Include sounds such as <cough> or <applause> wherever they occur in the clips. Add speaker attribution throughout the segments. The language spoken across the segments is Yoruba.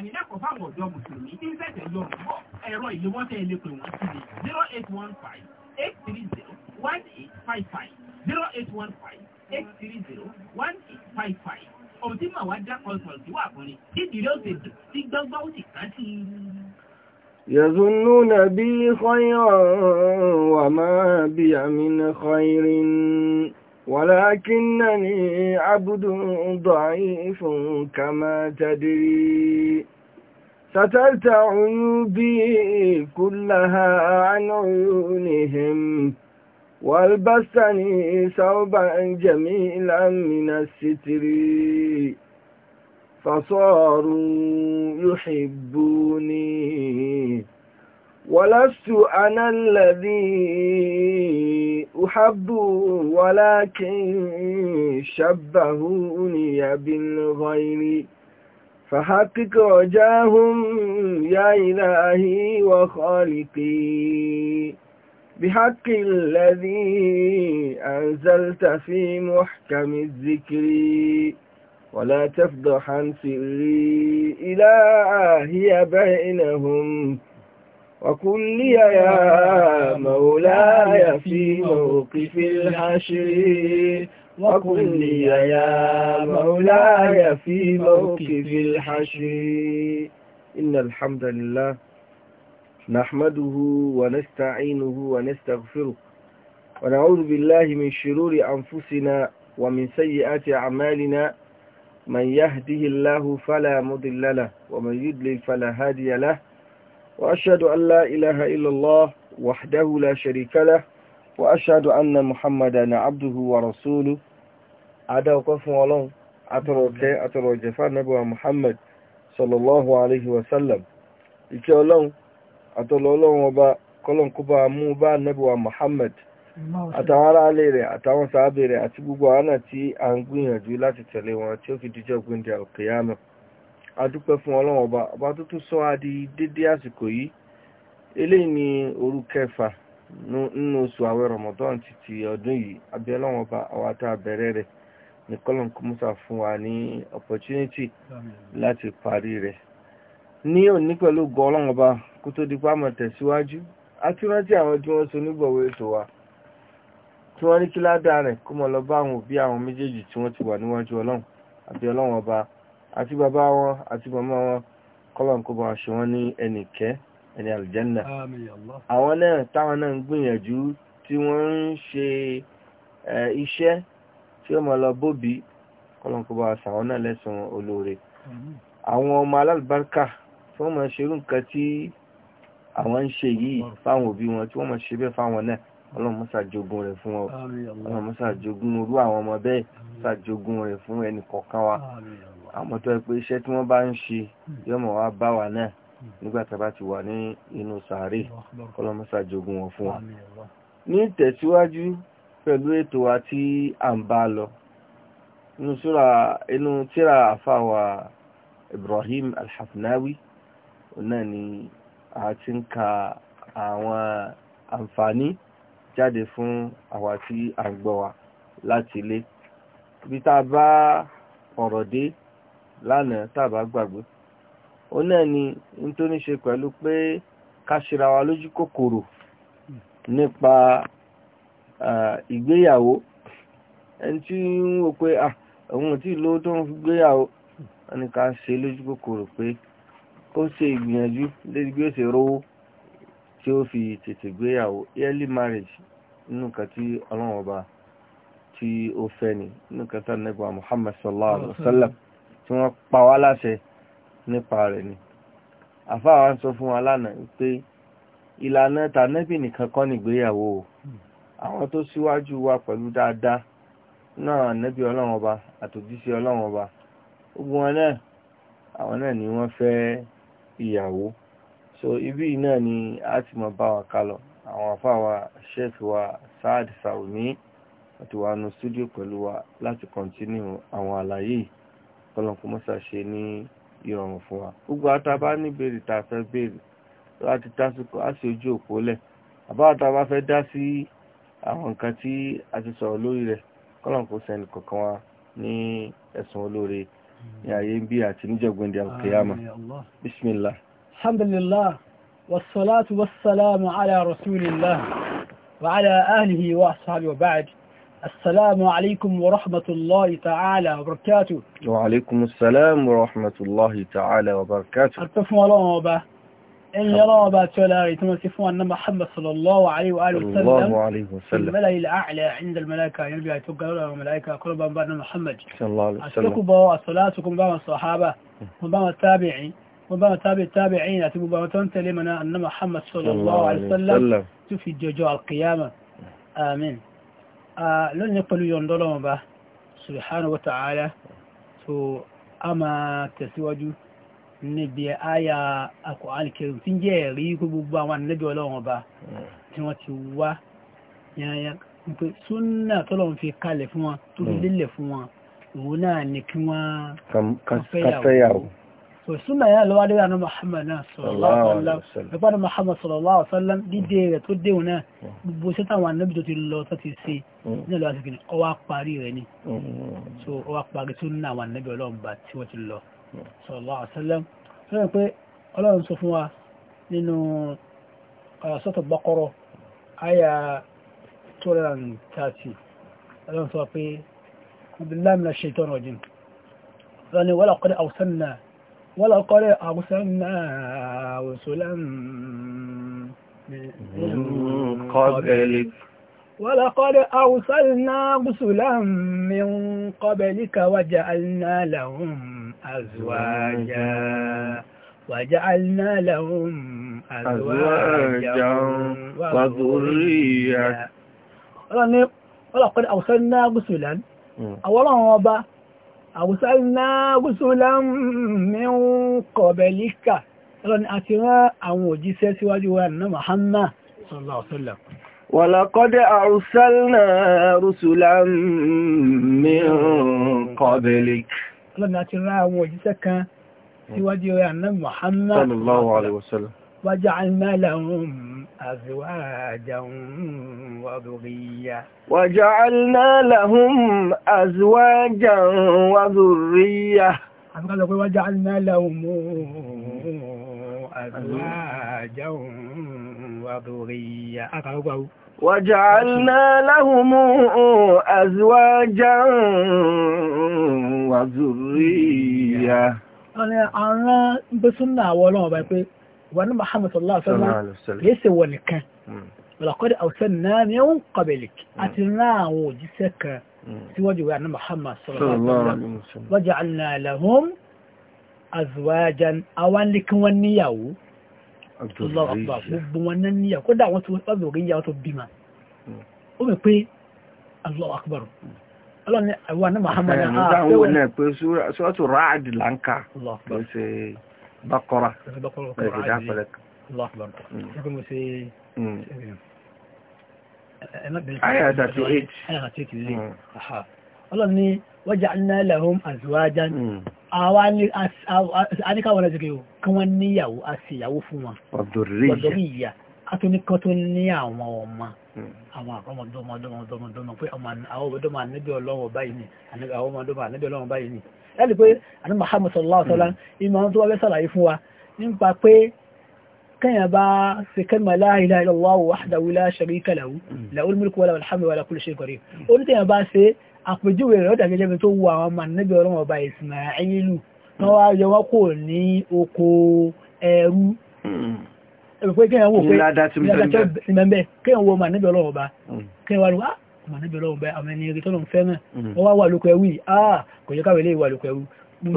Speaker 1: ìdánilẹ́kọ̀ọ́ fáwọn ọ̀dọ́ mùsùlùmí tí ń ṣẹ̀ṣẹ̀ yọ ọ̀rọ̀ ẹ̀rọ ìléwọ́ tẹ́ wọ́n sílé zero eight one five eight three zero one eight wá dá kọ́ńtọ̀ wà fún ni tí ìdílé ó dùn tí gbọ́ngbọ́n ó sì kán sí i.
Speaker 2: يظنون بي خيرا وما بي من خير ولكنني عبد ضعيف كما تدري سترت عيوبي كلها عن عيونهم والبسني ثوبا جميلا من الستر فصاروا يحبوني ولست أنا الذي أحب ولكن شبهوني بالغير فحقق رجاهم يا إلهي وخالقي بحق الذي أنزلت في محكم الذكر ولا تفضحا سري إلهي بينهم وكل لي يا مولاي في موقف الحشر وكل لي يا مولاي في موقف الحشر إن الحمد لله نحمده ونستعينه ونستغفره ونعوذ بالله من شرور أنفسنا ومن سيئات أعمالنا من يهده الله فلا مضل له ومن يضلل فلا هادي له وأشهد أن لا إله إلا الله وحده لا شريك له وأشهد أن محمدا عبده ورسوله عدا وقف ولون أتركي أترى جفا نبوة محمد صلى الله عليه وسلم إكي ولون أترى ولون وبا قلن كبا موبا نبوة محمد àtàwọn عليه rẹ̀ àtàwọn sàábẹ̀ أنا تي أنقين àwọn náà tí a ń gbìyànjú adúpẹ́ fún ọlọ́run ọba ọba tó tún sọ á dédé àsìkò yìí eléyìí ni òru kẹfà nínú oṣù àwẹ̀ rọmọdán títí ọdún yìí abẹ ọlọ́run ọba àwa tá a ní kọlọn kọmọsà fún wa ní opportunity láti parí rẹ̀ ní òní pẹ̀lú gọ ọlọ́run ọba kó tó di pa mọ́ tẹ̀síwájú àtúrántí àwọn tí wọ́n so nígbọ̀wọ́ ètò wa tí wọ́n ní kí ládàá rẹ̀ kó mọ lọ bá àwọn òbí àwọn méjèèjì tí wọ́n ti wà níwájú ọlọ́run àbí ọlọ́run ọba àti bàbá wọn àti màmá wọn kọ́lọ̀n kó bá ṣe wọ́n ní ẹnìkẹ́ ẹni àlùjànnà àwọn náà táwọn náà ń gbìyànjú tí wọ́n ń ṣe iṣẹ́ tí ó mọ̀ lọ bóbi kọ́lọ̀n kó bá ṣàwọn náà lẹ́sùn olóore àwọn ọmọ alálùbáríkà tí wọ́n mọ̀ ṣerú nǹkan tí àwọn ń ṣe yìí fáwọn òbí wọn tí wọ́n mọ̀ ṣe bẹ́ẹ̀ fáwọn náà ọlọ́mọ ṣàjogún rẹ̀ fún ọ ọlọ́mọ ṣàjogún orú àwọn ọmọ bẹ́ẹ̀ ṣàjogún rẹ̀ fún ẹnì kọ̀ọ̀kan wa àwọn tó ẹ pé iṣẹ́ tí wọ́n bá ń ṣe hmm. yóò mọ̀ wá bá wa náà hmm. nígbà tá a bá ti wà ní inú sàárè kọlọmọsà jogun wọn fún wa ní tẹ̀síwájú pẹ̀lú ètò wa tí lọ inú súra inú tíra àfàwà Ibrahim Al-Hafnawi náà ni a ti ń ka àwọn àǹfààní jáde fún àwa tí à ń gbọ́ wa láti ilé ibi tá a bá ọ̀rọ̀ dé lánàá tàbá gbàgbé ó náà ni n tó ní ṣe pẹ̀lú pé ká ṣera wa lójú kòkòrò nípa ìgbéyàwó ẹni tí ń wò pé àwọn tí lówó tó ń fi gbéyàwó ẹni ká ṣe lójú fi tètè gbéyàwó early marriage nínú kan tí ọlọ́run ọba tí ó fẹ́ ni kan tí tí wọ́n pa wá láṣẹ nípa rẹ̀ ni àfáà wa ń sọ fún wa lánàá pé ìlànà tànẹ́bì nìkan kọ́ nìgbéyàwó àwọn tó síwájú wa pẹ̀lú dáadáa náà ànẹ́bì ọlọ́run ọba àtòjíṣẹ́ ọlọ́run ọba gbogbo wọn náà àwọn náà ni wọ́n fẹ́ ìyàwó so ibi náà ni a ti mọ̀ bá wa kálọ̀ àwọn àfáà wa sheikh wa Saad Sàwùmí àti wa nu studio pẹ̀lú wa láti continue àwọn àlàyé yìí kọlọ̀kú mọ́sà ṣe ní ìrọ̀rùn fún wa gbogbo àtàbá ní béèrè tá a fẹ́ béèrè láti tásìkò á sì ojú òpó lẹ̀ àbáwọ̀ tá a bá fẹ́ dá sí àwọn nǹkan tí a ti sọ̀rọ̀ lórí rẹ̀ kọlọ̀kú sẹ́ni kọ̀ọ̀kan wa ní ẹ̀sùn olóore ní ayé ń bí àti níjọ̀gbìn di alkiyama bismillah.
Speaker 3: alhamdulillah wasalaatu wasalaamu ala rasulillah wa ala alihi wa ashabi wa baadi. السلام عليكم ورحمة الله تعالى وبركاته
Speaker 2: وعليكم السلام ورحمة الله تعالى وبركاته
Speaker 3: أرتفوا الله وبا إن يرى وبا تمسفوا أن محمد صلى الله عليه وآله وسلم الله
Speaker 2: عليه وسلم الملأ
Speaker 3: الأعلى عند الملائكة يرجع يتوقعوا له الملائكة كل بان محمد
Speaker 2: صلى الله عليه وسلم أشتكوا
Speaker 3: بوا صلاتكم بان الصحابة وبان التابعين وبما تابع التابعين أتبوا تنتلمنا أن محمد صلى الله عليه وسلم تفي الجوجو القيامة آمين lónìí pẹ̀lú yọ̀ndọ́lọ́mọba subhanahu wa ta'ala so a máa tẹ̀síwájú níbi àyà Al-Qur'an Karim tí ń jẹ́ ẹ̀rí gbogbo àwọn ànábì ọlọ́mọba tí wọ́n ti wá yányá pé súnà tọ́lọ́run fi kalẹ̀ fún wọn tó hmm. lélẹ̀ fún wọn òun náà ni kí wọ́n
Speaker 2: fẹ́yàwó
Speaker 3: òsúnà yà lọ́wọ́ adé àná Muhammad náà sọ̀rọ̀lọ́wọ́ sọ́lọ́m dídé rẹ̀ tó déhùn náà mm. gbogbo sí táwọn anábì tó ti lọ tó ti ṣe ní ìlú àti kìnnìkan ọwá parí rẹ̀ ni mm. so ọwá parí tó ní àwọn anábì ọlọ́ọ̀bà tí wọ́n ti lọ sọ̀rọ̀lọ́wọ́ sọ́lọ́m sọ́rọ̀ pé ọlọ́run sọ fún wa nínú uh, sọ́tọ̀ bọ́kọ́rọ̀ àyà 230 ọlọ́run ولقد أرسلنا رسلا من قبلك ولقد أرسلنا رسلا من قبلك وجعلنا لهم أزواجا وجعلنا لهم أزواجا وذرية ولقد أرسلنا رسلا أولا وبا àwùsálínà rúsùlán mẹ́rún kọ̀bẹ̀líkà lọ́nà àti rán àwọn òjíṣẹ́ síwájú wa náà Muhammad sallallahu alaihi wasallam
Speaker 2: ولقد أرسلنا رسلا من قبلك
Speaker 3: لنا ترى وجسك سوى جيران محمد صلى
Speaker 2: الله عليه وسلم
Speaker 3: وجعلنا لهم أزواجا
Speaker 1: وذرية وجعلنا لهم أزواجا وذرية وجعلنا لهم
Speaker 3: أزواجا وذرية
Speaker 2: وجعلنا لهم أزواجا وذرية
Speaker 3: أنا أنا بسنة ولو بقى wà ní Muhammad sallallahu alaihi wasallam kìí ṣe wọ nìkan lọ́kọ́dẹ̀ àwùsàn náà ni ó ń kọ̀bẹ̀lẹ̀ àti rán àwọn òjíṣẹ́ kan hmm. síwájú wà ní Muhammad sallallahu alaihi wasallam waja'alna lahum azwajan àwọn nìkan wọn níyàwó
Speaker 2: gbogbo
Speaker 3: wọn náà níyàwó kódà wọn tó wọ́n bẹ̀rẹ̀ ìyàwó tó bímọ hmm. ó mẹ́ pé Allahu akbar bákọ́ra ẹ̀sìn dápẹ́lẹ́ kan. Aya thirty eight. Aya thirty eight lè. Ọlọ́run ní waja'alna lahum azwajan. Mm. Àwa ní káwọn ẹ̀sìn kí wọ́n níyàwó, a sì yàwó fún wọn.
Speaker 1: Ọ̀dọ̀rí
Speaker 3: ìyá kátólíkọ́ tó ní àwọn ọmọ àwọn àkọ́mọdọ́mọdọ́mọdọ́mọ pé àwọn ọmọdọ́mọ ànẹ́bí ọlọ́wọ̀ báyìí ni àwọn ọmọdọ́mọ ànẹ́bí ọlọ́wọ̀ báyìí ni ẹ̀lì pé àní Muhammad sallallahu alaihi wasallam hmm. ìmọ̀ tó wá fẹ́ sàlàyé fún wa nípa pé kẹ́yìn bá ṣe kẹ́mà la ilaha illallah wahdahu la sharika lahu hmm. lahul mulku wa lahul hamdu wa ala kulli shay'in qadir onítẹ̀yìn hmm. bá ṣe àpèjúwe rẹ̀ ọ̀dà gẹ́gẹ́ bí tó wù àwọn ọmọ ànẹ́bí ọlọ́wọ̀ bá Ismailu wọ́n wá yọ wọ́n kò ẹ̀fẹ́ kí ẹ̀wọ̀n pé ìmẹ̀mẹ́ kí ẹ̀wọ̀n ma níbẹ̀ ọlọ́wọ̀ bá kí ẹ̀wọ̀n wá ma níbẹ̀ ọlọ́wọ̀ bá àwọn ẹni eré tọ́lọ̀ ń fẹ́ náà hmm. wọ́n wá wà lóko ẹ̀wù yìí ah kò yẹ káwé lè wà lóko ẹ̀wù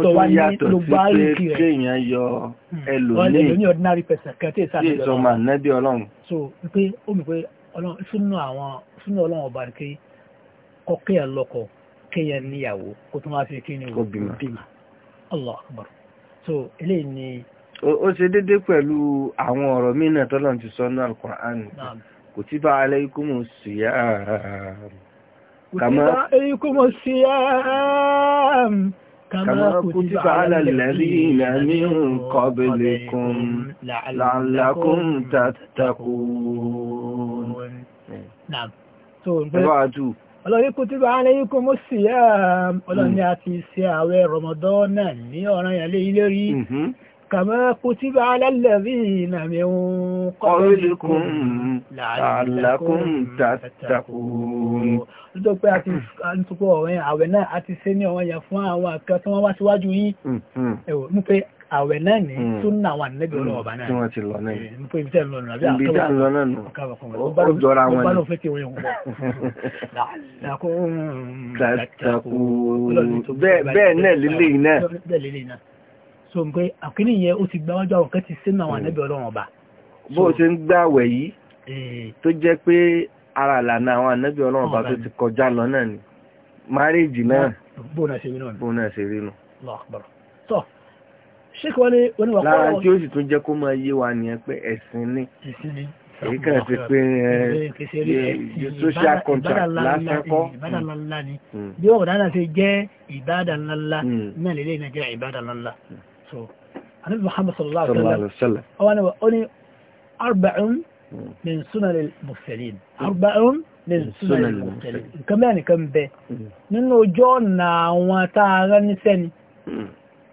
Speaker 3: tó wá ní ló bá rí kí rẹ̀
Speaker 2: kéèyàn yọ hmm. ẹlòmíì
Speaker 3: ordinary person kẹtẹ ìsọmọ nẹ́bí ọlọ́run so pé ó mi pé súnú àwọn súnú ọlọ́run ọba kí kọ́kẹ́yà lọ́kọ kéèyàn níyàwó kó tó máa fi kí ni wò bímọ Allah akbar so eléyìí ni
Speaker 2: ó ṣe dédé pẹ̀lú àwọn ọ̀rọ̀ mìíràn tọ́lọ̀ ti sọ ní Al-Qur'an kutiba alaykumu siyam kutiba
Speaker 3: alaykumu siyam kama kutiba ala
Speaker 2: alladhina min qablikum
Speaker 3: la'allakum
Speaker 2: tattaqun
Speaker 3: ọlọ́rin kutiba alaykumu siyam ọlọ́rin àti hmm. iṣẹ́ àwẹ̀ Ramadan náà ní ọ̀ranyàn lé yín lórí mm-hmm. كما كتب على الذين من قبلكم
Speaker 2: لعلكم تتقون
Speaker 3: lọ́dọ̀ pé a ti tukọ̀ ọ̀rẹ́ àwẹ̀ náà a ti ṣe ní ọ̀rọ̀ yẹn fún àwọn akẹ́ tí wọ́n wá síwájú yìí ẹ̀wọ̀ ní pé àwẹ̀ náà ní mm-hmm. súnà náà mm-hmm. tí
Speaker 2: wọ́n
Speaker 3: ti náà <laughs> so n pé àkíní ah, yẹn ó ti gba wájú àwọn kan ti sínú àwọn hmm. ànábì ọlọ́run ọba.
Speaker 2: bó o ṣe ń gbàwẹ̀ yìí eh. tó jẹ́ pé ara ìlànà àwọn ànábì ọlọ́run ọba tó ti kọjá lọ náà ni márèèjì náà bó náà ṣe rí náà bó náà ṣe rí nù.
Speaker 3: tọ́ ṣé kí wọ́n ní oníwàkọ́. lára tí
Speaker 2: ó sì tún jẹ́ kó máa yé wa nìyẹn pé ẹ̀sìn ni èyí kan ti pé eh, eh, social contract lásán
Speaker 3: kọ́. ìbádà ńláńlá ni hmm. bí ṣe jẹ́ ìbádà ńláńlá hmm. náà lélẹ́yìn náà jẹ́ ìbádà ńláńlá sọ ànábì muhammad sallallahu alaihi wasallam ọwọ́n ó ní arba'un hmm. min sunan al-mursalin arba'un min hmm. sunan al-mursalin nǹkan mẹ́rin nìkan bẹ hmm. nínú ọjọ́ ọ̀nà àwọn tá a rán níṣẹ́ ni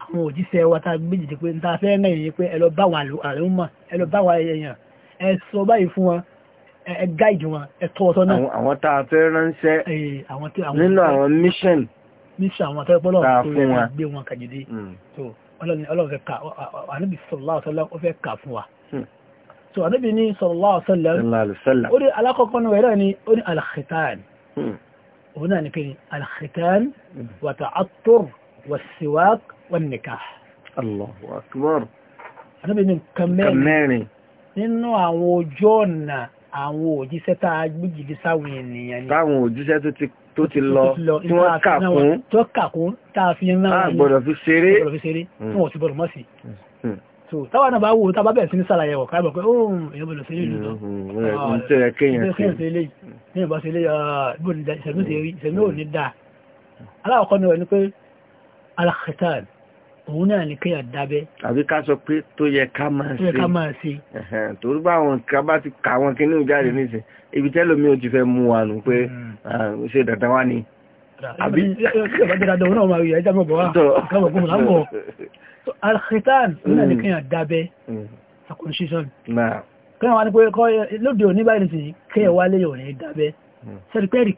Speaker 3: àwọn òjíṣẹ́ wa tá a gbé jìdí pé ta fẹ́ rìn yìí pé ẹ lọ bá wọn àlùmọ̀ ẹ lọ bá wọn èèyàn ẹ sọ báyìí fún wọn ẹ gáìdì náà. àwọn tá fẹ́ ránṣẹ́ nínú àwọn mission. mission àwọn tá a fẹ́ gbé wọn kàjìdí ọlọ́fẹ́ ká anábì sallallahu alaihi wasallam ó fẹ́ kà hmm. so anábì ní sallallahu alaihi wasallam ó ní alákọ̀ọ́kọ́ náà wẹ̀rẹ̀ ní ó ní alkhitan hmm. òun náà ní kíni alkhitan hmm. wa ta'attur wa siwak wa nikah Allahu akbar anábì ní kàmẹ́rin nínú àwọn ojú ọ̀nà àwọn òjíṣẹ́ tá a sáwọn ènìyàn ni táwọn
Speaker 2: òjíṣẹ́ tó ti tó ti lọ tí wọ́n kà kún
Speaker 3: tó kà kún táà fi ń náà gbọ́dọ̀ fi ṣeré tí wọ́n ti gbọ́dọ̀ mọ́ sí hmm. so táwọn náà tá bá bẹ̀rẹ̀ sí ní sàlàyé ọ̀ká ìbọ̀ pé oòrùn èyàn bọ̀lọ̀ sí ilé ìlú lọ
Speaker 2: ọ̀rọ̀ tí ó yẹ kéèyàn sí
Speaker 3: ilé ní ìbá sí ilé ìbò òun náà ní kéèyàn dábẹ́.
Speaker 2: àbí ká sọ pé tó yẹ ká máa ṣe tó yẹ ká máa ṣe. torí bá àwọn kan bá ti kà àwọn kinní jáde nísìn ibi tẹ́lómi ò ti fẹ́ mú wa nù pé hmm. ah, ṣe dandan wá ni
Speaker 3: àbí ìbádẹ́dàdọ̀ wọn náà máa rí ẹjá mọ̀bọ̀ wá kọ́bọ̀ fún lábọ̀ alkhitan náà ní hmm. kíyàn dábẹ́ circumcision hmm. kíyàn wá ní pé kọ́ lóde òní báyìí sí kíyàn wá léyàn rẹ̀ dábẹ́ sẹ́rí pé rí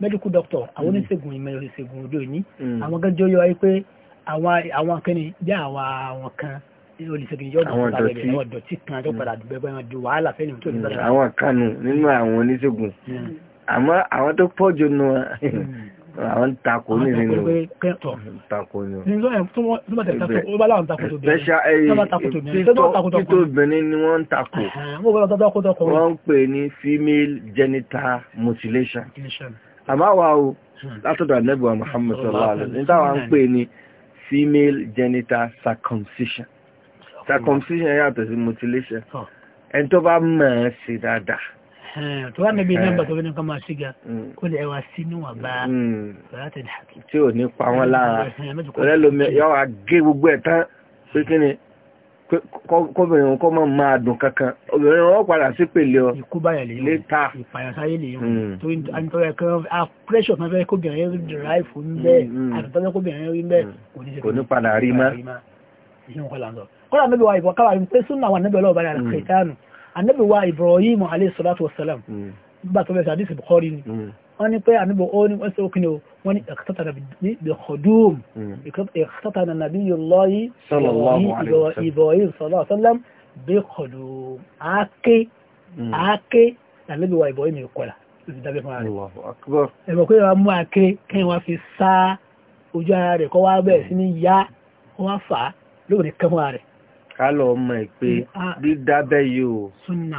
Speaker 3: medical doctor àwọn mm. oníṣègùn ìmọ̀ ìṣègùn òde òní mm. àwọn gẹ́gẹ́ yọ wáyé pé àwọn akẹ́ni jẹ́ àwọn àwọn kan olùṣègùn yọ ọ̀dọ̀ padà bẹ̀rẹ̀ àwọn ọ̀dọ̀tí kan tó mm. padà bẹ̀rẹ̀ wọn di wàhálà fẹ́ni tó ní bẹ̀rẹ̀. àwọn
Speaker 2: kanu nínú àwọn oníṣègùn àmọ́ àwọn tó pọ̀ jù nù àwọn ń takò ní nínú takò ní
Speaker 3: o. títò
Speaker 2: obìnrin ni wọ́n ń takò wọ́n ń pè ní female genital mutilation àmáwá o hmm. látọ̀dọ̀ ànẹ́bùwà Muhammad sallallahu alaihi wasallam hmm. ń pè ní female genital circumcision hmm. circumcision yàtọ̀ sí mutilation ẹni tó bá mọ̀ ẹ́ sí dáadáa
Speaker 3: tó wá níbi nọ́mbà tó ní kọmọ síga kó lè ẹwà sínú àbá látẹ̀dẹ̀
Speaker 2: tí ò ní pa wọn lára rẹ lómi yọ àgé gbogbo ẹ̀ tán pé kí ni kọ́bìnrin kọ́ mọ́ máa dùn kankan obìnrin wọ́n padà sí pèlè ọ létà ìpàyàsáyé
Speaker 3: lè yàn hmm. tó àtọ́rẹ kan pressure kan fẹ́ kóbìnrin rí derive fún bẹ́ẹ̀ hmm, hmm. àtọ́rẹ kóbìnrin rí bẹ́ẹ̀ kò ní padà rí mọ́ kọ́lá níbi wa ìbọn káwà pé súnà wà níbi ọlọ́ọ̀bá rẹ̀ kìtánù àníbi wa Ibrahim alayhi salatu wassalam nígbà tó fẹ́ sàdísì Bukhari ni wọ́n ní pé àníbi ó ní wọ́n sọ wọ́n ní ẹ̀kọ́tàrà bí kọdúm ẹ̀kọ́tàrà nàbí lọ́yí ìbọ̀yìn sọ́lọ́sọ́lọ́m bí kọdúm áké áké tàbíwà ìbọ̀yìn mi kọ́lá ìdábẹ́ fún ààrẹ ẹ̀mọ̀ pé wọ́n mú áké kẹ́yìn wọ́n fi sá ojú ara rẹ̀ kọ́ wá bẹ̀rẹ̀ sí ní hmm. yá wọ́n fà á lóòrè
Speaker 2: pé hmm, dídábẹ́ yìí ó súnà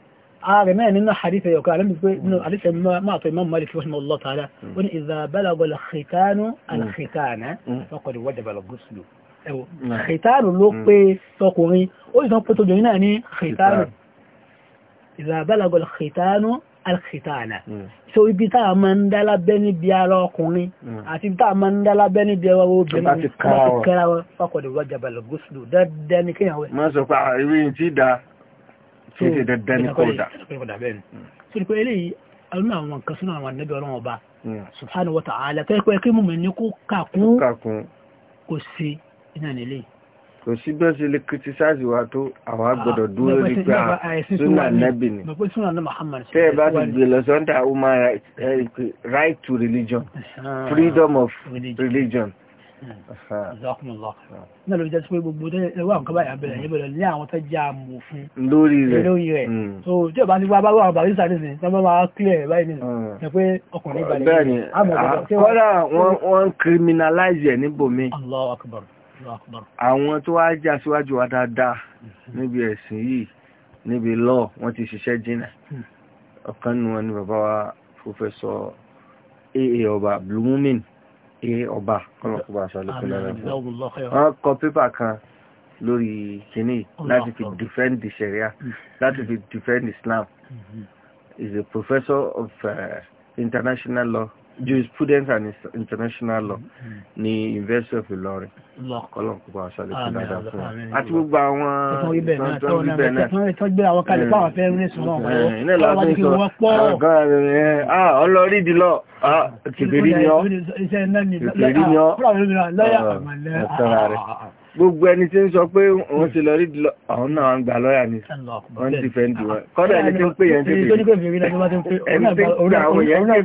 Speaker 3: ààrẹ mẹ́rin nínú àrífẹ́ yọ̀ká alẹ́mìsíkẹ́ nínú àrífẹ́ máa tọ́ Imam Malik rahimahullah ta'ala wọ́n ni idha balagha al-khitanu al-khitana faqad wajaba al-ghuslu ẹwọ́ mm. khitanu ló mm. pé tọkùnrin ó sì tán pẹ́tọ́jọ náà ní khitanu idha balagha al-khitanu al-khitana mm. so ibi tá a máa ń dálábẹ́ níbi ara ọkùnrin àti ibi tá a máa ń dálábẹ́ níbi ara obìnrin faqad wajaba al-ghuslu dáadáa ní kéèyàn
Speaker 2: wẹ̀ kí ṣe dandan ní kódà.
Speaker 3: so ní pé eléyìí alúnà àwọn nǹkan sínú àwọn ànábì ọlọ́run ọba hmm. subhanahu wa ta'ala tẹ́ pé kí mùmí ní kó kàkún kò sí iná nílé
Speaker 2: kò sí bí wọ́n ṣe lè kìtìsáàsì wa tó àwọn agbọ́dọ̀ ah, dúró ní pé súnà nẹ́bì ni
Speaker 3: tẹ́ ẹ bá ti gbé
Speaker 2: lọ sọ́ńdà human rights eh, right to religion
Speaker 3: ah, freedom
Speaker 2: of religion
Speaker 3: náà ló fi jẹ́ sí pé gbogbo ẹwà nǹkan báyà bẹ̀rẹ̀ yẹn bẹ̀rẹ̀ ní àwọn tó jẹ́ amòfin
Speaker 2: lórí lórí rẹ̀ hmm.
Speaker 3: so tí ò bá ní wá bá wà bàbá ìsà nìsín tí wọ́n máa clear báyìí nìsín hmm. ẹ pé ọkùnrin balẹ̀ ah, wọ́n
Speaker 2: criminalize ẹ̀ níbòmí àwọn tó wá jà síwájú wa dáadáa níbi ẹ̀sìn yìí níbi law wọ́n ti ṣiṣẹ́ jìnnà hmm. professor aa ọba ee ọba kọlọkọba aṣàlẹkùnlẹ
Speaker 3: rẹ wọn
Speaker 2: kọ pépà kan lórí kìíní láti fi defend the sharia láti fi defend Islam is mm-hmm. a professor of uh, international law jurisprudence and international law mm-hmm. Mm-hmm. ni university of Ilorin kọlọ̀ kó bá aṣọ àlékún dáadáa fún wa àti gbogbo àwọn
Speaker 3: ìtọ́jú ibẹ̀ náà ìtọ́jú àwọn kalẹ̀ fáwọn fẹ́ rìn sùn náà iná ìlà tó ń sọ àgọ́
Speaker 2: rẹ̀ ah, eh, ah, ọlọ́rí di lọ ah, kìbìrì ni ọ́
Speaker 3: kìbìrì ni ọ́ ẹ̀tọ́ra rẹ̀
Speaker 2: gbogbo ẹni tí ń sọ pé òun ti lọ rí àwọn náà ń gbà lọ́yà ni wọ́n ti fẹ́ ń dùn wọ́n kọ́dọ̀ ẹni tí ń pè yẹn tẹ́lẹ̀ ẹni tí ń gbà àwọn yẹn tẹ́lẹ̀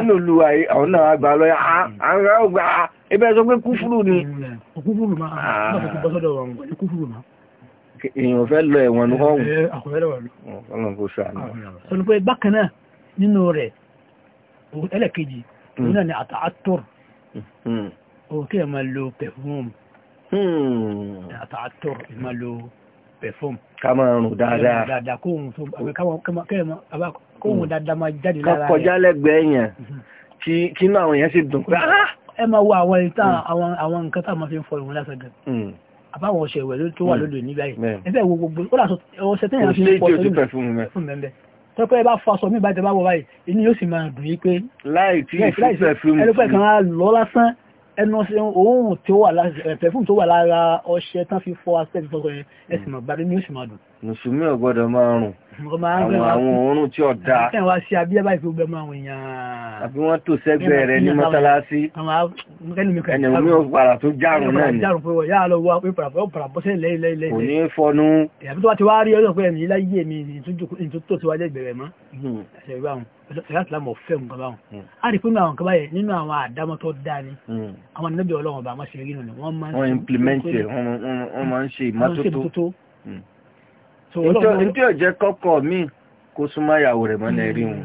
Speaker 2: nínú olùwà àwọn náà gbà lọ́yà àwọn ọgbà ẹbẹ́ sọ pé kúfúrú ni mm, ah. èèyàn fẹ́ lọ ẹ̀wọ̀n ní eh, ọ̀hún
Speaker 3: bákan náà nínú rẹ̀ ẹlẹ́kejì òun náà ni àtàtọ̀rọ̀ òkè oh, ma lo perfume
Speaker 2: hmm.
Speaker 3: àtàtọ̀ ma lo perfume
Speaker 2: ká máa rùn dáadáa dáadáa
Speaker 3: kóhun hmm. dáadáa ma jáde lára rẹ̀ kọjá
Speaker 2: lẹ́gbẹ̀ẹ́ yẹn hmm. kí náà àwọn èèyàn sì dùn pé ah!
Speaker 3: ẹ máa wo àwọn ìta àwọn nǹkan tá a máa fi ń fọ ìwọ̀n lásán gan àbáwọn ọ̀sẹ̀ ìwẹ̀ tó wà lóde ní báyìí ẹgbẹ́ wo gbogbo ó làṣọ ọ̀sẹ̀ tẹ́yìn àti ìpọ̀ tó ní fún mẹ́mbẹ́ tọ́pẹ́ bá fọ́sọ mí bá jẹ bá wọ báyìí inú yóò sì máa dùn yí pé
Speaker 2: láì tí ìfẹ́ fún mi ẹlẹ́pẹ́ kan á
Speaker 3: lọ lásán ẹnu ọṣẹ òórùn tí ó wà lára pẹfún tó wà lára ọṣẹ tán fi fọ aspect fọkọ yẹn ẹsìn mọ̀ gbadé ní oṣù máa dùn.
Speaker 2: mùsùlùmí ò gbọ́dọ̀ máa rùn
Speaker 3: àwọn
Speaker 2: oorun tí ọ̀dá
Speaker 3: ẹ̀wà sí abíyábá ìfowópamọ́
Speaker 2: àbí wọ́n tò sẹ́gbẹ̀ẹ́ rẹ̀ ní mọ́sálásí
Speaker 3: ẹni omi òpàrà tó járùn náà ni kò ní fọnú ìyàbí tó nǹkan hmm. báwọn hmm. a rí pínlẹ̀ àwọn kan báyẹ̀ nínú àwọn àdámọ́ tó dáa ní hmm. àwọn nílẹ̀bí ọlọ́wọ̀n bá wọ́n ṣe rí nù ni wọ́n
Speaker 2: máa ń ṣe ìmọ́tótó nítorí ọ̀jẹ́ kọ́kọ́ mi kó súnmọ́ ìyàwó rẹ̀ mọ́lẹ̀ rí wọn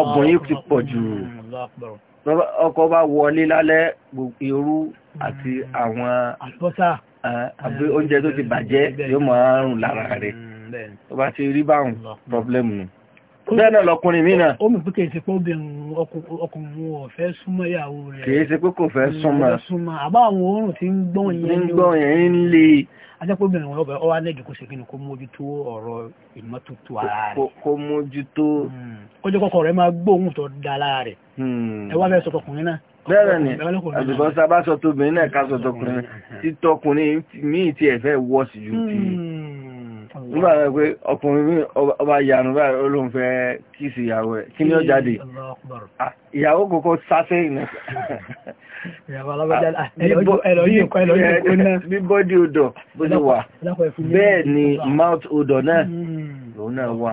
Speaker 2: ọgbọ̀n yìí ti pọ̀ jù
Speaker 3: mm,
Speaker 2: ọkọ bá wọlé lálẹ́ irú àti mm. àwọn oúnjẹ tó ti bàjẹ́ mm, yóò máa rùn lára rẹ̀ tó bá ti rí báwọn pọ́blẹ́mù bẹ́ẹ̀ náà lọkùnrin mí náà. ó
Speaker 3: mú pé kìí ṣe pé obìnrin ọkùnrin ò fẹ́ súnmọ́ ìyàwó rẹ̀. kìí
Speaker 2: ṣe pé kò fẹ́ súnmọ́.
Speaker 3: àbá àwọn oorun ti ń gbọ́n yẹn ń gbọ́n yẹn wọn ọbẹ̀ ọwá lẹ́jọ́ kó ṣe kí ni kó mójútó ọ̀rọ̀ ìmọ́tótó ara rẹ̀. kó mójútó. Hmm. ó jẹ́ kọ́kọ́ rẹ̀ máa gbóhùn tó da lára rẹ̀.
Speaker 2: Hmm. ẹ wá
Speaker 3: fẹ́ sọ tọkùnrin náà.
Speaker 2: bẹ́ẹ̀ ni àdùkọ́ sábà sọ tóbìnrin náà ká sọ hmm. tọkùnrin títọkùnrin míì tiẹ̀ fẹ́ wọ́ọ̀sì ju ti nígbà rẹ̀ pé ọkùnrin bí ọba ìyànú bá olóhun fẹ́ kí sí ìyàwó rẹ̀ kí ni ó jáde ìyàwó kòkó sáfẹ́ ìnà
Speaker 3: bí bọ́dí odò bó ti wà bẹ́ẹ̀ ni
Speaker 2: mouth odò náà hmm. lòun náà wà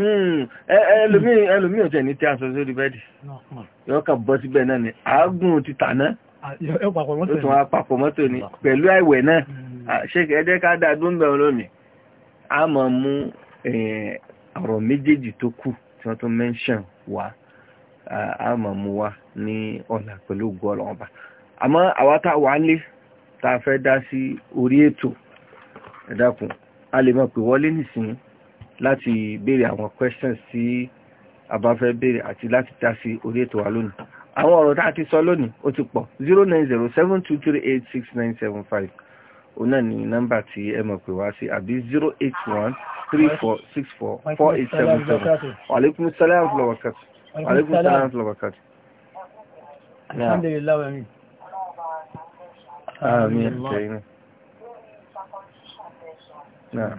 Speaker 2: Hmm. ẹlòmíì ẹlòmíì ọ̀tẹ̀ ní tí a sọ sórí bẹ́ẹ̀dì yóò kà bọ́ síbẹ̀ náà ni àágùn ti tàná
Speaker 3: ó tún wá
Speaker 2: papọ̀ mọ́tò ni pẹ̀lú àìwẹ̀ náà hmm. ṣe ẹjẹ́ ká dáa dún bẹ̀rẹ̀ lónìí a máa mú ọ̀rọ̀ méjèèjì tó kù tí wọ́n tún mẹ́ńṣàn wá a máa mú wá ní ọ̀nà pẹ̀lú ògùn ọlọ́wọ́n àmọ́ àwa tá a wà lé tá a fẹ́ dá sí orí ètò ẹ a lè máa pè wọlé nísìnyí láti béèrè àwọn questions tí a bá fẹ́ béèrè àti láti dá sí orí ètò wa lónìí àwọn ọ̀rọ̀ tá a ti sọ lónìí ó ti pọ̀ zero nine zero seven two three eight six nine seven five òun náà ni nọ́mbà tí ẹ mọ̀ pé wá sí àbí zero eight one three four six four four eight seven seven wàlékún sálẹ̀ àfúlọ̀ wákàtí wàlékún sálẹ̀ àfúlọ̀ wákàtí. alhamdulilayi
Speaker 3: wa mi. àmín. Naam.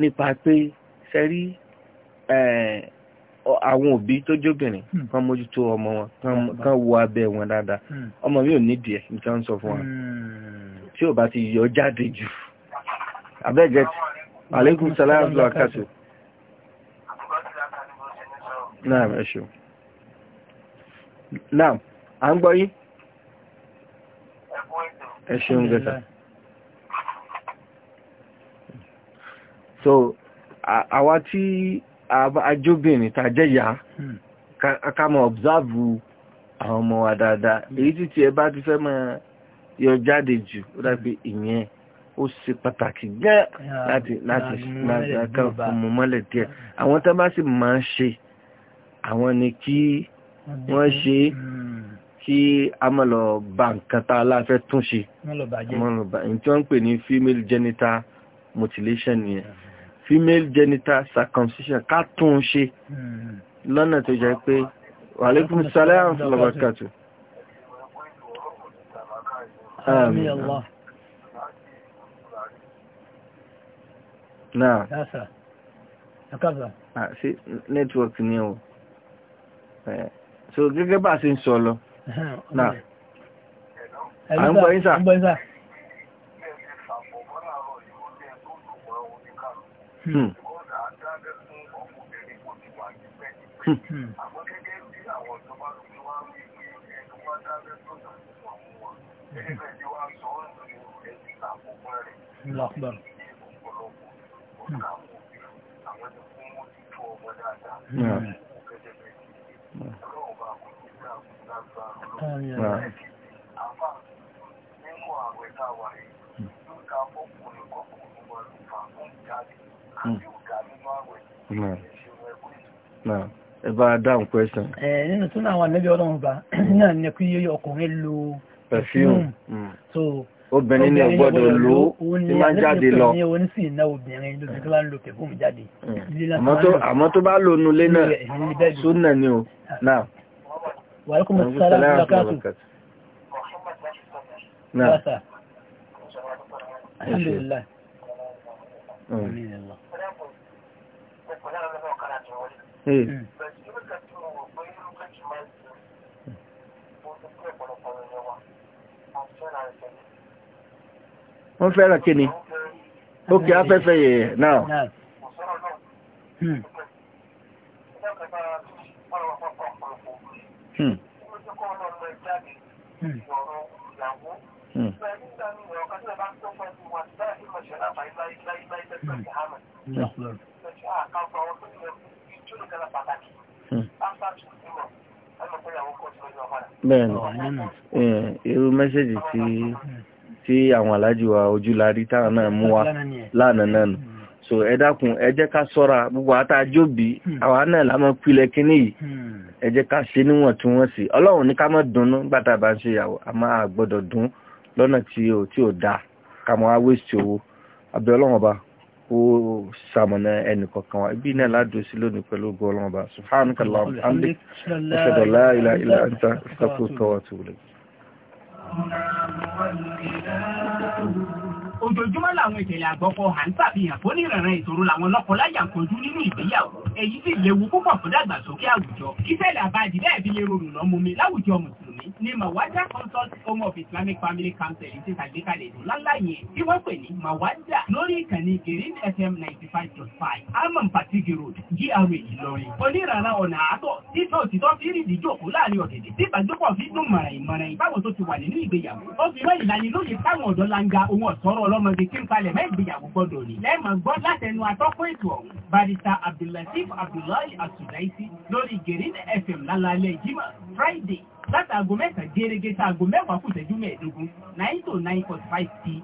Speaker 2: nípa pé sẹ́rí àwọn òbí tó jóbìnrin hmm. kan mójútó ọmọ wọn kan hmm. wo abẹ́ wọn dáadáa hmm. ọmọ mi ò nídìí ẹ̀ nǹkan sọ fún wa tí ò bá ti yọ jáde jù abẹ́gẹ́ tí alaikum salam wa kásù náà ẹ̀ṣù náà à ń gbọ́ yí ẹ̀ṣù ń gẹ̀ta so àwa tí ajóbìnrin ta jẹ́yà hmm. ká mọ̀ observe àwọn ọmọ wa dáadáa hmm. èyí títí ẹ bá ti fẹ́ mọ́ yọ jáde jù ó dàbí ìyẹn ó ṣe pàtàkì gẹ́ láti láti ká ọmọ mọ́lẹ̀ díẹ̀ hmm. àwọn tó bá sì máa ń ṣe àwọn ni kí wọ́n ṣe kí a mọ́ lọ bá nǹkan tá a láfẹ́ tún ṣe mọ́ lọ bàjẹ́ tí wọ́n ń pè ní female genital mutilation nìyẹn female genital circumcision ká tún ṣe hmm. lọ́nà tó jẹ́ pé wàlékún sálẹ́ àǹfàlọ́bàkàtù
Speaker 3: àmín Allah
Speaker 2: náà sí network ní o so gẹ́gẹ́ bá ṣe ń sọ lọ náà à ń
Speaker 3: gbọ́ àmọ́
Speaker 2: gẹ́gẹ́
Speaker 3: bí àwọn ìjọba tó ti wá rí pé ẹni wá dábẹ́ tó dà sí ọ̀hún wọn gẹ́gẹ́ bẹ́ẹ̀ ni wá sọ ọ́ ní ẹ̀sìn àkókò rẹ̀ ní ọ̀pọ̀lọpọ̀ ọ̀dà àwọn òbí àwọn ẹni fún
Speaker 2: wọn ti tó ọmọ dáadáa gẹ́gẹ́ bẹ́ẹ̀ ni ọlọ́run bá kó ní ìgbà àkókò lágbára ọlọ́run Hmm. ẹ bá dáhùn question.
Speaker 3: ẹ nínú tún àwọn ànábì ọlọ́run bá hmm. náà ní kí ọkùnrin lo perfume hmm. so obìnrin ní ọgbọ́dọ̀ ló tí máa jáde lọ
Speaker 2: àmọ́ tó bá lò nulé náà súnà ni o náà wàlúkùn mọ̀sálà àbúkátù náà alhamdulillah wọ́n fẹ́ràn kí ni
Speaker 1: ó kí afẹ́fẹ́ yẹ̀ náà Mm
Speaker 2: bẹ́ẹ̀ni hmm. irú mẹ́sẹ̀jì tí tí àwọn aláàjì wa ojúlarí táwọn náà mú wa lánàá náà nù so ẹ dákun ẹ jẹ́ ká ṣọ́ra gbogbo àtàjòbí àwa náà lámọ́ pílẹ̀ kíní yìí ẹ jẹ́ ká ṣe níwọ̀ntúnwọ̀nsì ọlọ́run ní ká má dunnú gbàtà bá ń ṣe ìyàwó a máa gbọ́dọ̀ dún lọ́nà tí ò tí ò dáa ká mọ́ wá wéṣì owó abẹ́ ọba kó sàmọ̀nà ẹnì kọ̀ọ̀kan wa ibi náà ládùú sí lónìí pẹ̀lú ògo ọlọ́run ọba subhanaka allahumma wa bihamdik
Speaker 1: ashhadu ojoojúmọ́ làwọn ìṣẹ̀lẹ̀ àgbọ̀kọ̀ hàn ṣàfihàn fún ìrànràn ìṣòro làwọn lọ́kọláya ń kojú nínú ìgbéyàwó èyí sì léwu púpọ̀ fún dàgbàsókè àwùjọ kíṣẹ̀lẹ̀ àbájì bẹ́ẹ̀ fi lè rọrùn lọ́mú mi láwùjọ mùsùlùmí ni mawada consult home of islamic family council ti ṣàgbékalẹ̀ ètò láńlá yẹn tí wọ́n pè ní mawada lórí ìkànnì green fm ninety five point five amam patigi road gra ìlọrin onírànràn ọ̀nà àtọ̀ títọ́ òtítọ́ fi rìndì jòkó láàrin ọ̀gẹ̀dẹ̀ tí ìbàdókọ̀ fi dùn mọ̀ràn ìmọ̀ràn ìbáwo tó ti wà nínú ìgbéyàwó ó fi rẹ́ ìlanilóye táwọn ọ̀dọ́ langa ohun ọ̀sọ́rọ̀ ọlọ́mọdé kí n kalẹ̀ mẹ́gbìyàwó gbọ́dọ̀ rí. lẹ́mọ̀ gbọ́ látẹnu atọ́kùn ètò ọ̀hún barista abdullatif abdullahi asudaisi lórí gerin fm lálálẹ́ jimá friday látàgò mẹ́sàn gẹ́gẹ́ sáàgò mẹ́wàá kù ìṣẹ́jú mẹ́ẹ̀ẹ́dógún nine to nine forty five pm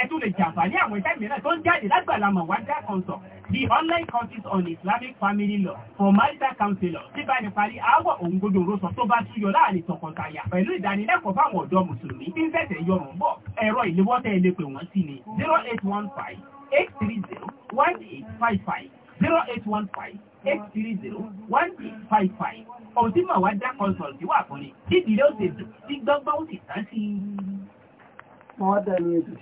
Speaker 1: ẹ tún lè jàǹfààní àwọn ẹ̀ka mìíràn tó ń jáde lágbàlá mawada consult the online courses on islamic family law for marital counselor tí bá ní parí aáwọ̀ òǹgbodò rọ̀ṣọ tó bá túyọ láàrin tọkọtaya pẹ̀lú ìdánilẹ́kọ̀ọ́ fáwọn ọ̀dọ́ mùsùlùmí tí ń fẹ̀sẹ̀ yọrùn bọ̀ ẹ̀rọ ìléwọ́ tẹ́ ẹ wọ́n sí ni zero eight one five eight three zero one eight five five zero eight one five 830-1855 ọ̀hún tí màá wá dá consult wà fún ni tí ìdílé ó ṣe dùn tí gbọ́ngbọ́n ó sì tán sí i.